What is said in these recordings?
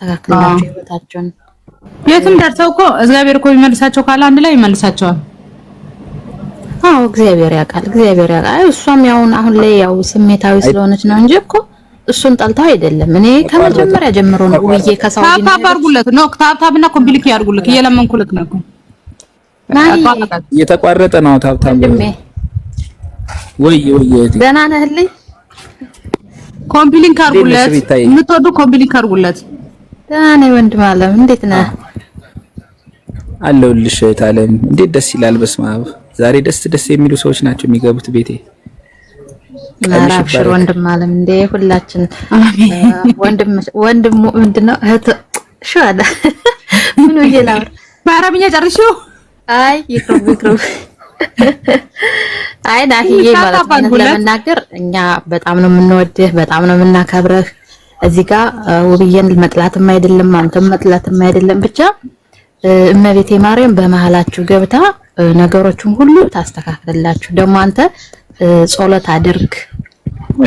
ተካክላችሁ ህይወታችሁን የትም ደርሰው እኮ እግዚአብሔር እኮ ቢመልሳቸው ካለ አንድ ላይ ይመልሳቸዋል። አዎ እግዚአብሔር ያውቃል፣ እግዚአብሔር ያውቃል። እሷም አሁን ላይ ያው ስሜታዊ ስለሆነች ነው እንጂ እኮ እሱን ጠልተው አይደለም። እኔ ከመጀመሪያ ጀምሮ ነው ውዬ ከሰው አድርጉለት ነው ኮምፕሊክ ያድርጉልክ እየለመንኩልክ ነው። እየተቋረጠ ነው ወይ ወይ ደህና ነህልኝ? ኮምፕሊክ አድርጉለት፣ የምትወዱ ኮምፕሊክ አድርጉለት። ደህና ነኝ ወንድም አለም፣ እንዴት ነህ? አለሁልሽ እህት አለም። እንዴት ደስ ይላል። በስመ አብ ዛሬ ደስ ደስ የሚሉ ሰዎች ናቸው የሚገቡት ቤቴ። አብሽር ወንድም አለም። እንዴ ሁላችን ወንድም ወንድም ምንድን ነው እህት ሹ አለ ምን ይላል? ላውራ? በአረብኛ ጨርሽው? አይ ይቅርብ ይቅርብ አይ ናሂዬ ማለት ነው ለመናገር እኛ በጣም ነው የምንወድህ፣ በጣም ነው የምናከብረህ እዚህ ጋር ውብዬን መጥላትም አይደለም አንተም መጥላትም አይደለም ብቻ እመቤቴ ማርያም በመሃላችሁ ገብታ ነገሮችን ሁሉ ታስተካክልላችሁ። ደግሞ አንተ ጾሎት አድርግ፣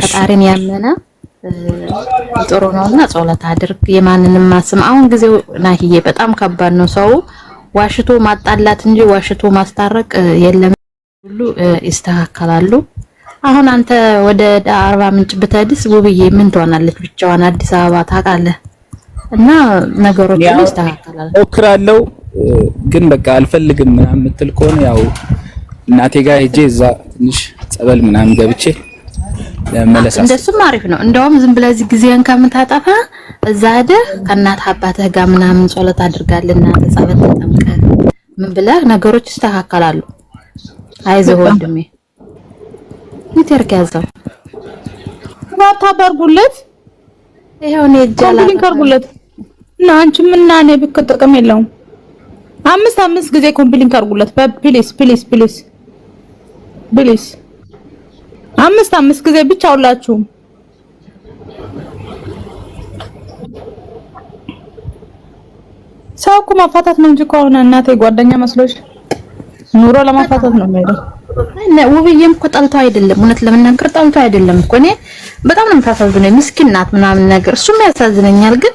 ፈጣሪን ያመነ ጥሩ ነውና ጾለት አድርግ። የማንንም ማስም አሁን ጊዜው ናሂዬ በጣም ከባድ ነው። ሰው ዋሽቶ ማጣላት እንጂ ዋሽቶ ማስታረቅ የለም። ሁሉ ይስተካከላሉ። አሁን አንተ ወደ አርባ ምንጭ ብትሄድስ ውብዬ ምን ትሆናለች? ብቻዋን አዲስ አበባ ታውቃለህ። እና ነገሮች ይስተካከላል። ሞክራለሁ ግን በቃ አልፈልግም ምናምን የምትል ከሆነ ያው እናቴ ጋር ሄጄ እዛ ትንሽ ጸበል ምናምን ገብቼ ለመለሳስ እንደሱም አሪፍ ነው። እንደውም ዝም ብለህ እዚህ ጊዜን ከምታጠፋ እዛ ሄደህ ከእናት አባትህ ጋር ምናምን ጸሎት አድርጋልና ጸበል ተጠምቀህ ምን ብለህ ነገሮች ይስተካከላሉ። አይዞህ ወንድሜ። የት ያርግ ያዘው ባታደርጉለት ይሄው ነው ይጃላ ጀላ ካርጉለት እና አንቺ እና እኔ ብክ ጥቅም የለውም። አምስት አምስት ጊዜ ኮምፕሊን ካርጉለት በፕሊስ ፕሊስ ፕሊስ ፕሊስ አምስት አምስት ጊዜ ብቻ ሁላችሁም ሰው እኮ ማፋታት ነው እንጂ እኮ አሁን እናቴ ጓደኛ መስሎሽ ኑሮ ለማፋታት ነው የሚሄደው። እና ውብዬም እኮ ጠልቶ አይደለም፣ እውነት ለመናገር ጠልቶ አይደለም እኮ እኔ በጣም ነው የምታሳዝነኝ፣ ምስኪን ናት ምናምን ነገር እሱም ያሳዝነኛል። ግን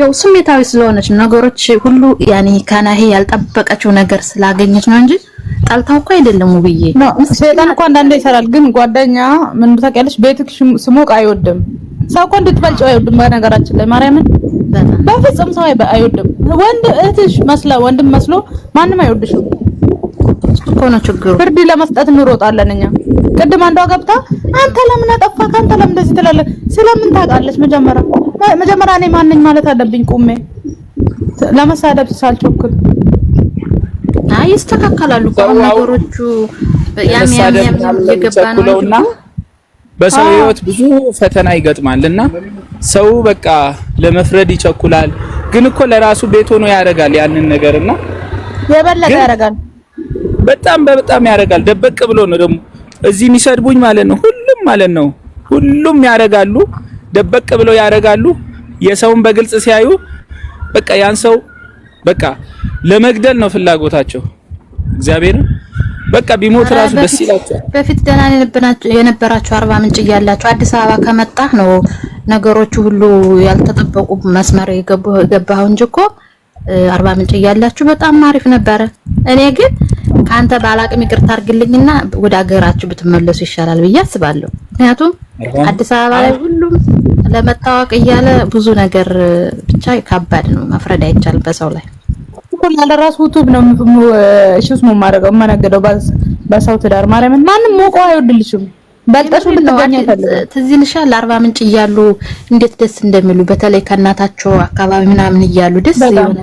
ያው ስሜታዊ ስለሆነች ነገሮች ሁሉ ያኔ ካናሄ ያልጠበቀችው ነገር ስላገኘች ነው እንጂ ጠልታው እኮ አይደለም ውብዬ። ሰይጣን እኮ አንዳንዴ ይሰራል። ግን ጓደኛ ምን ታውቂያለሽ፣ ቤትክ ስሞቅ አይወድም ሰው እኮ እንድትበልጪው አይወድም። በነገራችን ላይ ማርያምን በፍጹም ሰው አይወድም። ወንድ እህትሽ መስላ ወንድም መስሎ ማንም አይወድሽም። እኮ ነው ችግሩ። ፍርድ ለመስጠት እንሮጣለን እኛ። ቅድም አንዷ ገብታ አንተ ለምን አጠፋህ፣ አንተ ለምን እንደዚህ ትላለህ? ስለምን ታውቃለች? መጀመሪያ መጀመሪያ እኔ ማን ነኝ ማለት አለብኝ ቁሜ ለመሳደብ ሳልቸኩል። አይ ይስተካከላሉ ነገሮቹ። ያም ያም ያም እየገባ ነው። በሰው ህይወት ብዙ ፈተና ይገጥማል እና ሰው በቃ ለመፍረድ ይቸኩላል። ግን እኮ ለራሱ ቤት ሆኖ ያደርጋል ያንን ነገር እና የበለጠ ያደርጋል በጣም በጣም ያደርጋል። ደበቅ ብሎ ነው ደግሞ እዚህ የሚሰድቡኝ ማለት ነው። ሁሉም ማለት ነው ሁሉም ያደርጋሉ፣ ደበቅ ብለው ያደርጋሉ። የሰውን በግልጽ ሲያዩ በቃ ያን ሰው በቃ ለመግደል ነው ፍላጎታቸው። እግዚአብሔር በቃ ቢሞት ራሱ ደስ ይላቸዋል። በፊት ደህና የነበራችሁ አርባ ምንጭ እያላችሁ አዲስ አበባ ከመጣህ ነው ነገሮቹ ሁሉ ያልተጠበቁ መስመር የገባኸው እንጂ እኮ አርባ ምንጭ እያላችሁ በጣም አሪፍ ነበረ። እኔ ግን ከአንተ ባላቅም ይቅርታ አድርግልኝና ወደ ሀገራችሁ ብትመለሱ ይሻላል ብዬ አስባለሁ። ምክንያቱም አዲስ አበባ ላይ ሁሉም ለመታወቅ እያለ ብዙ ነገር ብቻ ከባድ ነው። መፍረድ አይቻልም በሰው ላይ ሁሉ ለራሱ ዩቱብ ነው እሺ፣ እሱም ማረገው የማነገደው በሰው ትዳር ማርያምን ማንም ሞቀው አይወድልሽም። በልጠሹ ልትገኝ ትዝ ይልሻል። አርባ ምንጭ እያሉ እንዴት ደስ እንደሚሉ በተለይ ከእናታቸው አካባቢ ምናምን እያሉ ደስ ይላል።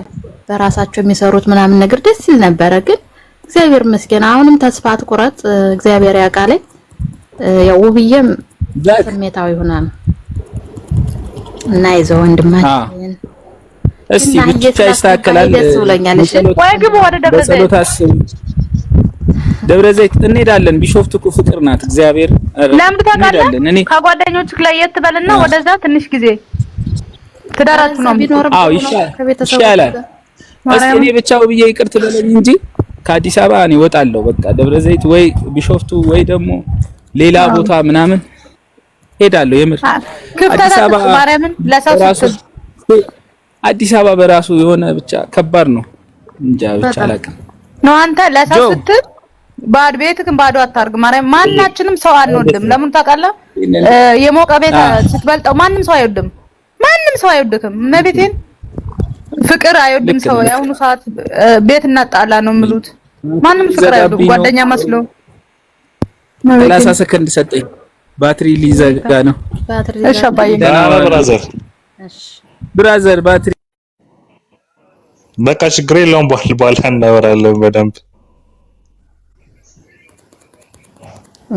በራሳቸው የሚሰሩት ምናምን ነገር ደስ ይል ነበረ። ግን እግዚአብሔር ይመስገን አሁንም ተስፋ አትቁረጥ፣ እግዚአብሔር ያውቃል። ያው ውብዬም ስሜታዊ ሆና ነው እና ይዘው ወንድማችን እስቲ ብቻ ይስተካከላል። ደስ ብሎኛል። እሺ ወይ ግቡ ወደ ደብረ ዘይት ደብረ ዘይት እንሄዳለን። ቢሾፍቱ እኮ ፍቅር ናት። እግዚአብሔር ለምን ታውቃለህ? እኔ ከጓደኞች ለየት በልና ወደዛ ትንሽ ጊዜ ትዳራችሁ ነው። አው ይሻላል። እስኪ እኔ ብቻው ብዬ ይቅር ትበለኝ እንጂ ከአዲስ አበባ እኔ እወጣለሁ። በቃ ደብረ ዘይት ወይ ቢሾፍቱ ወይ ደግሞ ሌላ ቦታ ምናምን ሄዳለሁ። የምር አዲስ አበባ ማርያምን ለሰው አዲስ አበባ በራሱ የሆነ ብቻ ከባድ ነው። እንጃ ብቻ አላውቅም ነው አንተ ለሰው ስትል ባድ ቤት ግን ባዶ አታርግ። ማርያም ማናችንም ሰው አንወድም። ለምን ታውቃለህ? የሞቀ ቤት ስትበልጠው ማንም ሰው አይወድም። ማንም ሰው አይወድክም። መቤቴን ፍቅር አይወድም ሰው። የአሁኑ ሰዓት ቤት እናጣላ ነው የሚሉት። ማንም ፍቅር አይወድም። ጓደኛ መስሎ ሰላሳ ሰከንድ ሰጠኝ። ባትሪ ሊዘጋ ነው። እሺ አባዬ፣ ብራዘር ብራዘር፣ ባትሪ በቃ ችግር የለውም። በኋላ እናወራለን በደንብ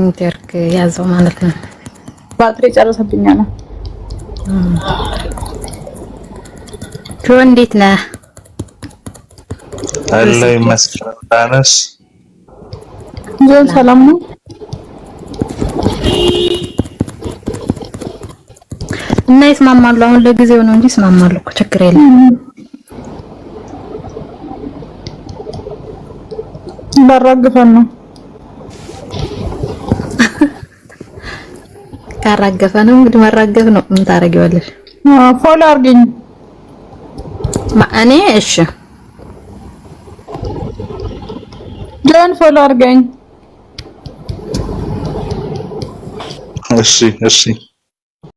እንዲያርግ ያዘው ማለት ነው። ባትሪ ጨርሰብኛ ነው። ጆ እንዴት ነህ? አለ ይመስገን። ታነስ ጆ ሰላም ነው። እና ይስማማሉ። አሁን ለጊዜው ነው እንጂ ይስማማሉ እኮ ችግር የለም። ባራግፈን ነው ካራገፈ ነው እንግዲህ ማራገፍ ነው። ምን ታረጊዋለሽ? ፎሎ አድርጊኝ እኔ እሺ፣ ጆን ፎሎ አድርገኝ። እሺ፣ እሺ